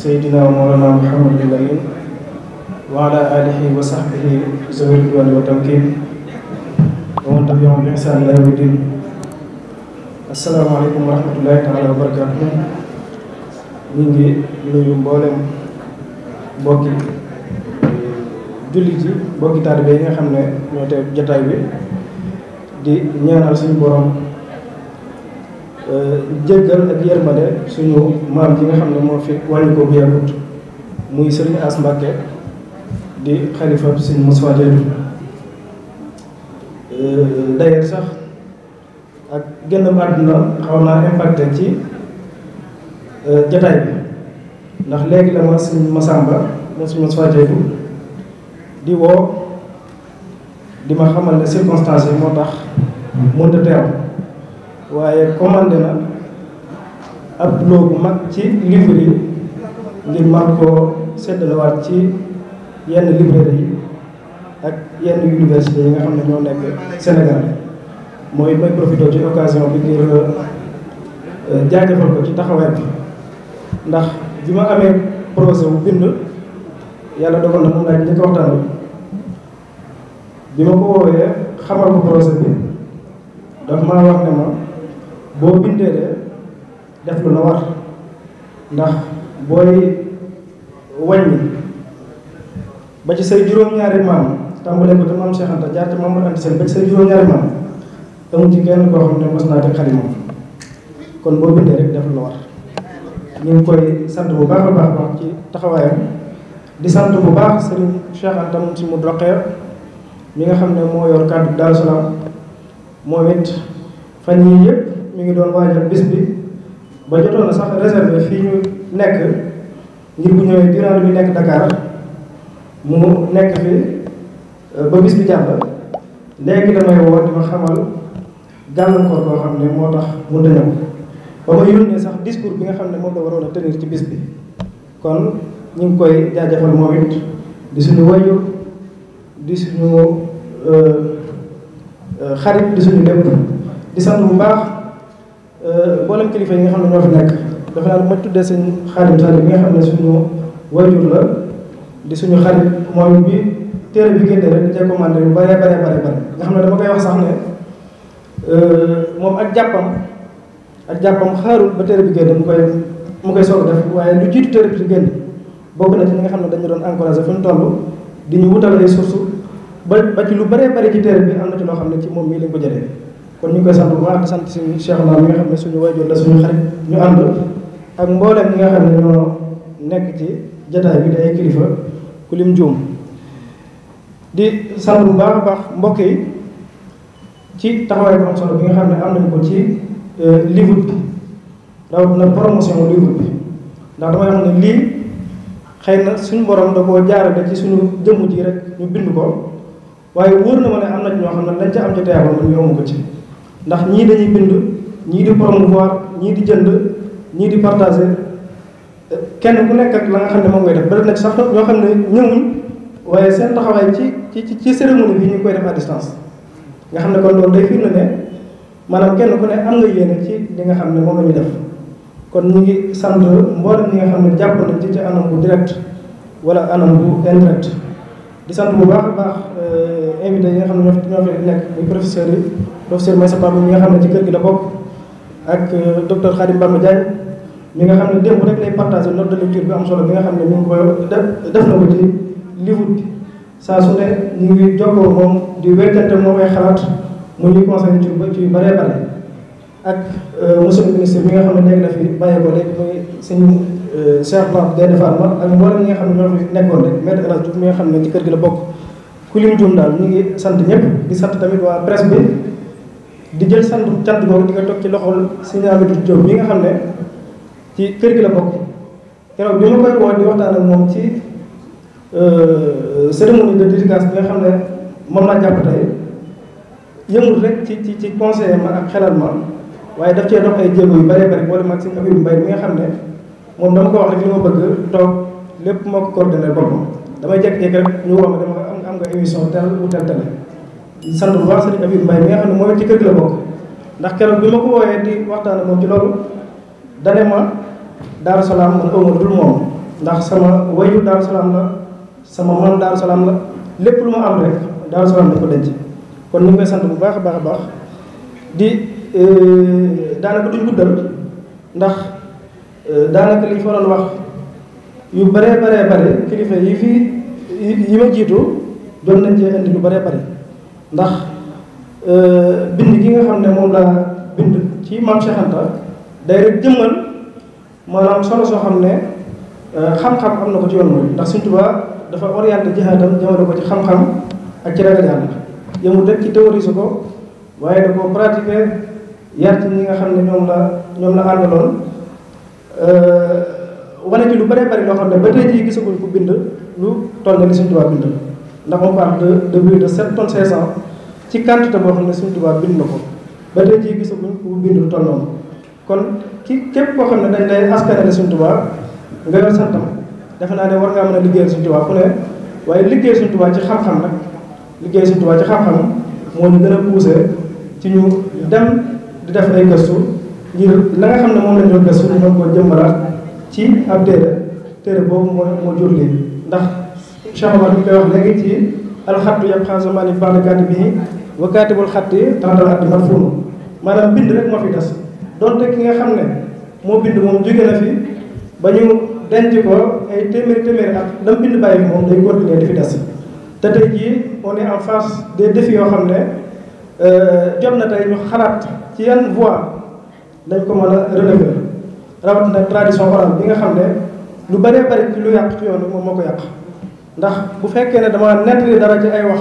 seydina mawlana muhammadul amin wa ala alihi wa sahbihi zawil ridwaan wa tamkin wa man tabi'ahum bi ihsaan ila yawmi din assalaamu aleykum wa rahmatullahi taala wa barakaatuh ñu ngi nuyu mboolem mbokki jullit yi mbokki taalibe yi nga xam ne ñoo teew jataay bi di ñaanal suñu borom Euh, jéggal ak yërmande suñu maam ji nga xam ne moo fit wàññi ko bu yàggut muy sëriñ As Mbàkke di xalifa sëriñ Moussa Diagne euh, d'ailleurs sax ak génn àdduna xaw naa impacté ci euh, jataay bi ndax léegi la ma sëriñ Masamba moo sëriñ Moussa Diagne di woo di ma xamal ne circonstance yi moo tax mënta teew waaye commandé na ab loo bu mag ci livre yi ngir mag koo seddalewaat ci yenn librairie yi ak yenn université yi nga xam ne ñoo nekk Sénégal mooy may profité ci occasion bi ngir euh, jaajëfal ko ci taxawaay bi ndax bi ma amee projet bu bind yàlla dogal na moom laaj njëkk waxtaan bi ma ko woowee xamal ko projet bi daf maa wax ne ma boo bindee de def lu la war ndax booy wàññi ba ci say juróom-ñaari maam tàmbalee ko te maam Cheikh Anta jaar te maam Mor Anta Sali ba ci say juróom-ñaari maam amu ci kenn koo ne mos naa teg xale kon boo bindee rek def lu la war ñu ngi koy sant bu baax a baax baax ci taxawaayam di sant bu baax sëriñ Cheikh si mu doqee mi nga xam ne moo yor kàddu Daaru Salaam moom it fan yii yëpp ñu ngi doon waajal bis bi ba jotoon sax réservé fii ñu nekk ngir bu ñëwee durant bi nekk Dakar mu nekk fi euh, ba bis bi jàll léegi damay woo di ma xamal gàllankoor boo xam ne moo tax mu dëñam ba ma yónnee sax discours bi nga xam ne moom la waroon a tenir ci bis bi kon ñu ngi koy jaajëfal moom it di suñu wayu di suñu euh, euh, xarit di suñu lépp di bu baax Euh, mboolem kilifa yi nga xam ne ñoo fi nekk dafa naa ma tuddee sëñ Xaadim Sall bi nga xam ne suñu wajur la di suñu xarit moom bi téere bi génne rek recommandé bu bare bare bare bare nga xam ne dama koy wax sax ne euh, moom ak jàppam ak jàppam xaarul ba téere bi génne mu koy mu koy soog def waaye lu jiitu téere bi génne bokk na ci ñi nga xam ne dañu doon encouragé fi mu toll di ñu wutal ay suuf ba ba ci lu bare bare ci téere bi am na ci loo xam ne ci moom mii lañ ko jëlee kon ñu koy sant bu baax sant suñu Cheikh Ndao mi nga xam ne suñu waajur la suñu xarit ñu am ànd ak mboolem ñi nga xam ne ñoo nekk ci jataay bi day kilifa ku lim juum di sant bu baax baax mbokk yi ci taxawaay bu am solo bi nga xam ne am nañu ko ci euh, livre bi rawatina promotion livre bi ndax damay wax ne lii xay na suñu borom da koo jaarale ci suñu jëmm ji rek ñu bind ko waaye wóor na ma ne am na ñoo xam ne lañ ca am ci teewal ñu amu ko ci. ndax ñii dañuy bind ñii di promouvoir ñii di jënd ñii di partager kenn ku nekk ak la xam ne moom ngay def ba nag sax ñoo xam ne ñëwuñ waaye seen taxawaay ci ci ci cérémonie bi ñu ngi koy def à distance nga xam ne kon loolu day firnde ne maanaam kenn ku ne am nga yéene ci li nga xam ne moom la ñu def kon ñu ngi sant mboolem ñi nga xam ne jàpp nañ ci ci anam bu direct wala anam bu indirect di sant bu baax a baax euh, invité yi nga xam ne ñoo ñoo fi nekk muy professeur yi professeur Maysa Pam mi nga xam ne ci kër gi la bokk ak euh, docteur Khadim Bamba Diagne mi nga xam ne démb rek lay partagé note de bi nga xam ne mi ngi koy def na ko ci livre bi saa su ne ñu ngi jokkoo moom di weccante moom ay xalaat mu ñuy conseillé ci ci bëree bare ak euh, monsieur le ministre mi nga xam ne léegi na fi bàyyeekoo léegi muy sëñ Euh, Cheikh Pape Gaynde Fatma ak mboolem ñi nga xam ne ñoo fi nekkoon rek maître El Hadj Diouf mi xam ne ci kër gi la bokk ku lim juum daal ñu ngi sant ñëpp di sant tamit waa presse bi di jël sant cant boobu di ko toog ci loxol Serigne Amidou Diop mi nga xam ne ci kër gi la bokk keroog bi ma koy woo di waxtaan moom ci euh, cérémonie de dédicace bi nga xam ne moom laa jàpp tey yëngul rek ci ci ci conseiller ma ak xelal ma waaye daf cee dox ay jéego yu bëree bëri boole mag si Abib Mbaye mi nga xam ne moom dama ko wax rek li ma bëgg toog lépp moo ko coordonné boppam damay jékki-jékki rek ñu woo ma dama am nga émission tel ou tel télé sant bu baax sëriñ Abib Mbaye mi nga xam ne moom ci kër gi la bokk ndax keroog bi ma ko wooyee di waxtaan moom ci loolu dane ma Daaru Salaam man awma dul moom ndax sama wayu Daaru Salaam la sama man daal Salaam la lépp lu ma am rek daal Salaam dañ ko denc kon ñu ngi koy sant bu baax baax a baax di euh, daanaka duñ guddal ndax Euh, daanaka li ñu fa doon wax yu bëree bëree bëri kilifa yi fii yi ma jiitu doon nañ cee indi lu bëree bëri ndax euh, bind ki nga xam ne moom laa bind ci maam Cheikh Anta day rek jëmmal maanaam solo soo xam ne euh, xam-xam am na ko ci yoon mooy ndax Sëriñ Tuubaa dafa orienté jihaadam ko ci xam-xam ak ci ragal Yàlla yëmu rek ci théorise ko waaye da ko pratiquer yar ci ñi nga xam ne ñoom la ñoom la àndaloon Euh, wane ci lu bëree bëri loo xam ne ba tey jii gisaguñ ko bind lu toll ni Sëñ Tuubaa bind ndax on parle de de plus de sept tonnes cinq cent ci quantité boo xam ne Sëñ Tuubaa bind na ko ba tey jii gisaguñ ko bind lu toll noonu kon ki képp koo xam ne dañ lay askanale Sëñ Tuubaa nga yor santam defe naa ne war ngaa mën a liggéeyal Sëñ Tuubaa fu ne waaye liggéey Sëñ Tuubaa ci xam-xam nag liggéey Sëñ Tuubaa ci xam-xam moo ñu gën a poussé ci ñu dem di def ay gëstu ngir la nga xam ne moom lañ doon gëstu moom ko jëmbalaat ci ab téere téere boobu moo moo jur lii ndax Cheikh Omar bi koy wax léegi ci alxattu yab xasamani bada kaati bii wa kaatibul xatti taxdal xatti man fuunu moo fi des donte ki nga xam ne moo bind moom jóge na fi ba ñu denc ko ay téeméeri téeméeri at lam bind bàyyi bi moom day continuer di fi des te tey jii on en face des défis yoo xam ne euh, jot na tey xalaat ci yan voie dañ ko mën a redéfinir rawatina tradition orale bi nga xam ne lu bëree bëri ci lu yàq ci moom moo ko yàq ndax bu fekkee ne dama nettali dara ci ay wax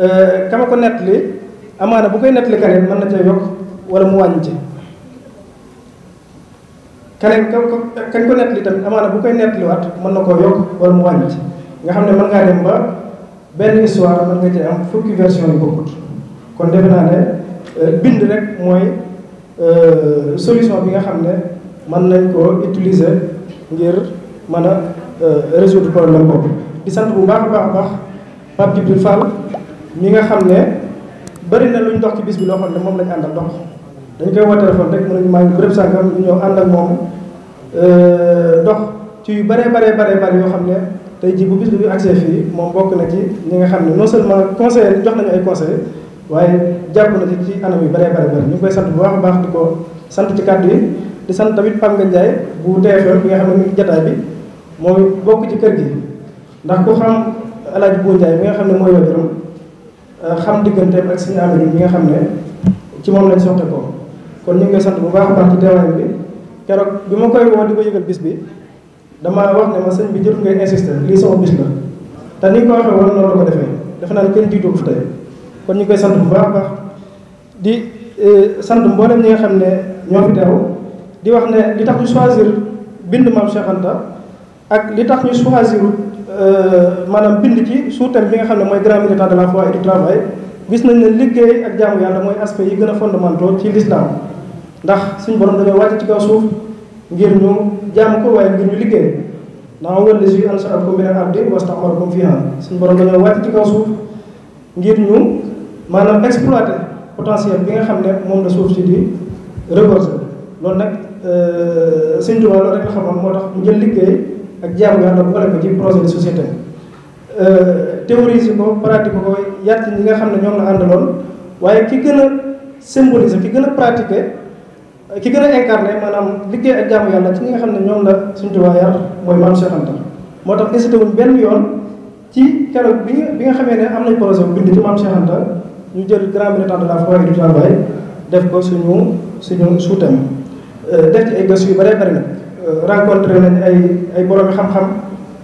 euh, kama ko nettali amaana bu koy nettali keneen mën na cee yokk wala mu wàññi ci keneen ka kañ ko nettali tamit amaana bu koy nettaliwaat mën na koo yokk wala mu wàññi ci nga xam ne mën ngaa dem ba benn histoire mën nga cee am fukki version ko bokkut kon defe naa ne euh, bind rek mooy Euh, solution bi nga xam ne mën nañ koo utiliser ngir mën a euh, résoudre problème boobu di sant bu baax a baax a baax Pape Djibril Fall mi nga xam ne bëri na luñ dox ci bis bi loo xam ne moom lañ àndal dox dañ koy téléphone rek mën nañu maa ngi bërëb sàngam ñu ñëw ànd ak moom euh, dox ci yu bëree baree baree bëri yoo xam ne tey jii bu bis bi ñu accès fii moom bokk na ci ñi nga xam ne non seulement conseil jox nañu ay conseil waaye jàpp na ci ci anam yu bare bare bare ñu ngi koy sant bu waax a baax di ko sant ci kàdd yi di sant tamit Pape Ngagne Ndiaye bu TFM bi nga xam ne mi ngi jataay bi mooy bokk ci kër gi ndax ku xam Alaaji Bu Ndiaye nga xam ne mooy wajuram euh, xam digganteem ak suñu bi mi nga xam ne ci moom lañ soxte ko kon ñu nga koy sant bu baax a baax ci teewaay bi keroog bi ma koy woo di ko yëgal bis bi damaa wax ne ma sëñ bi jël ngay insister lii sama bis la te ni nga ko waxee woon noonu la ko defee defe naa ne kenn jiitu ko tey kon ñu koy sant bu baax baax di euh, sant mboolem ñi nga xam ne ñoo fi teew di wax ne li tax ñu choisir bind maam Cheikh Anta ak li tax ñu choisir euh, maanaam bind ci sous-thème bi nga xam ne mooy grand militant de la foi et du travail gis nañ ne liggéey ak jaamu yàlla mooy aspect yi gën a fondamentaux ci l'islam ndax suñu borom dañoo wàcc ci kaw suuf ngir ñu jaam ko waaye ngir ñu liggéey ndax wala les huit ans ak combien ardi wasta'marakum fiha suñu borom dañoo wàcc ci kaw suuf ngir ñu. maanaam exploiter potentiel bi nga xam ne moom la suuf si di regorger loolu nag euh, Sëñ Tuubaa loolu rek la xamoon moo tax mu jël liggéey ak jaamu yàlla bu ko ci projet de société euh, théorise ko pratique ko yàtt ñi nga xam ne ñoom la àndaloon waaye ki gën a symboliser gën a pratiquer ki gën a incarner maanaam liggéey ak jaamu yàlla ci ñi nga xam ne ñoom la Sëñ Tuubaa yar mooy Maam Cheikh moo tax hésité wuñ benn yoon ci keroog bi nga bi nga xamee ne am nañ projet bu bind ci Maam Cheikh ñu jël grand militant de la foi et du travail def ko suñu suñu sous-thème euh, ay gëstu yu bëree bëri nag euh, rencontré nañ ay ay borom xam-xam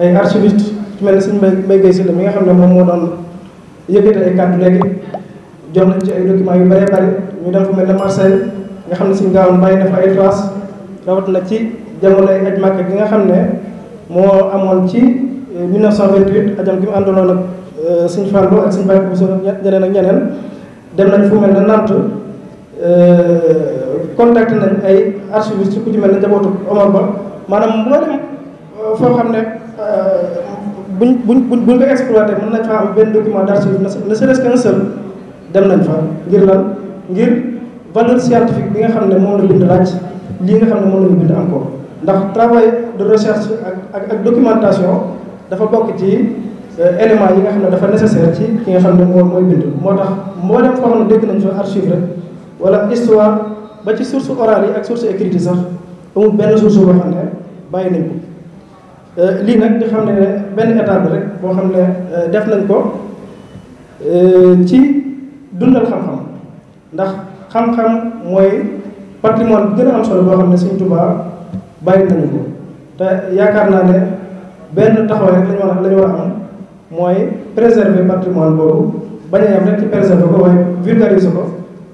ay archiviste ci mel ne suñu mbay mbay gay si la mi nga xam ne moom moo doon yëkkati ay kàddu léegi jox nañ ci ay documents yu bëree bëri ñu dem fu mel ne Marseille nga xam ne suñu gaawoon bàyyi na fa ay traces rawat na ci jamonoy aj Màkka gi nga xam ne moo amoon ci 1928 euh, ajam gi mu àndaloon ak Euh, sëñ Fallou ak sëñ Baye Bousso ñeneen ak ñeneen dem nañ fu mel ne Nantes euh, contacté nañ ay archiviste ci ku ci mel ne njabootu Omar Ba maanaam moo dem euh, foo xam ne buñ buñ buñ ko exploité mën nañ faa am benn document d'archive ne serait-ce qu'un seul dem nañ fa ngir lan ngir valeur scientifique bi nga xam ne moom la bind laaj lii nga xam ne moom la ñu bind encore ndax travail de recherche ak ak documentation dafa bokk ci. Euh, éléments yi nga xam ne dafa nécessaire ci ki nga xam ne moom mooy bind moo tax mboolem koo xam ne dégg nañ fa archive rek wala histoire ba ci source orale yi ak source écrite yi sax amul benn source boo xam ne bàyyi nañ ko euh, lii nag di xam ne benn état bi rek boo xam ne euh, def nañ ko ci dundal xam-xam ndax xam-xam mooy patrimoine bi gën a am solo boo xam ne Sëriñ Tuubaa bàyyi nañu ko te yaakaar naa ne benn taxawaay rek lañu war lañu war a am mooy préserver patrimoine boobu bañ a yem rek ci préserver ko waaye vulgariser ko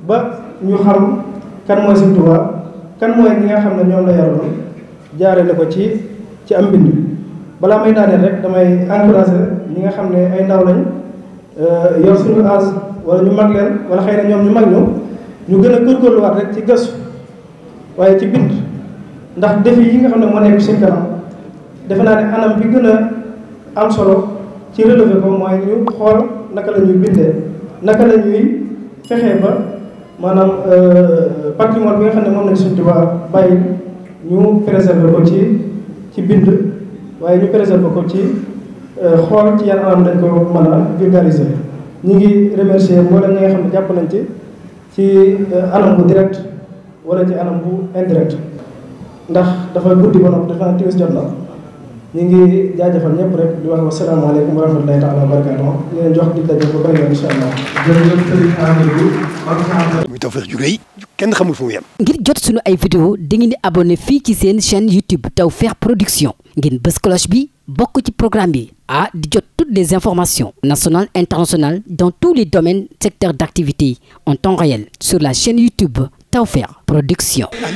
ba ñu xam kan mooy Sëñ Tuubaa kan mooy ñi nga xam ne ñoom la yaroon jaarale ko ci ci am mbind balaa may daaneel rek damay encouragé ñi nga xam ne ay ndaw lañ euh, yor suñu âge wala ñu mag leen wala xëy na ñoom ñu mag ñu ñu gën a góorgóorluwaat rek ci gëstu waaye ci bind ndax défi yi nga xam ne moo nekk suñu kanam defe naa ne anam bi gën a am solo ci relevé ko mooy ñu xool naka la ñuy bindee naka la ñuy fexee ba maanaam euh, patrimoine bi nga xam ne moom lañ suñ tubaab bàyyi ñu préserver ko ci ci bind waaye ñu préserver ko ci euh, xool ci yan anam dañ ko mën a vulgariser ñu ngi remercier mboolem ñi nga xam ne jàpp nañ ci ci euh, anam bu direct wala ci anam bu indirect ndax dafa guddi ba noppi dafa timis jot na ñu ngi jaajëfal ñëpp rek di wax wasalaamaaleykum wa rahmatulahi taala wa barakaatuh ñu leen jox di daje ba bëri yoon incha allah. ngir jot sunu ay vidéo dangeen di abonné fii ci seen chaîne YouTube Tawfekh Production ngeen bës cloche bi bokk ci programme bi ah di jot toutes des informations national internationales dans tous les domaines secteurs d'activité en temps réel sur la chaîne YouTube Tawfekh Production. Ah,